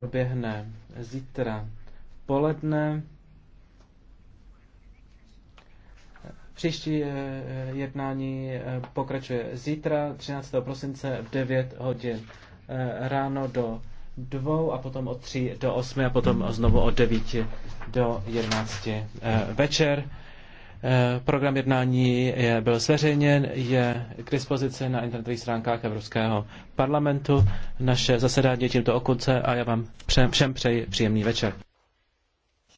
proběhne zítra v poledne. Příští eh, jednání eh, pokračuje zítra 13. prosince v 9 hodin eh, ráno do 2 a potom od 3 do 8 a potom znovu od 9 do 11 večer. Eh, program jednání je, byl zveřejněn, je k dispozici na internetových stránkách Evropského parlamentu. Naše zasedání je tímto okonce a já vám všem přeji příjemný večer.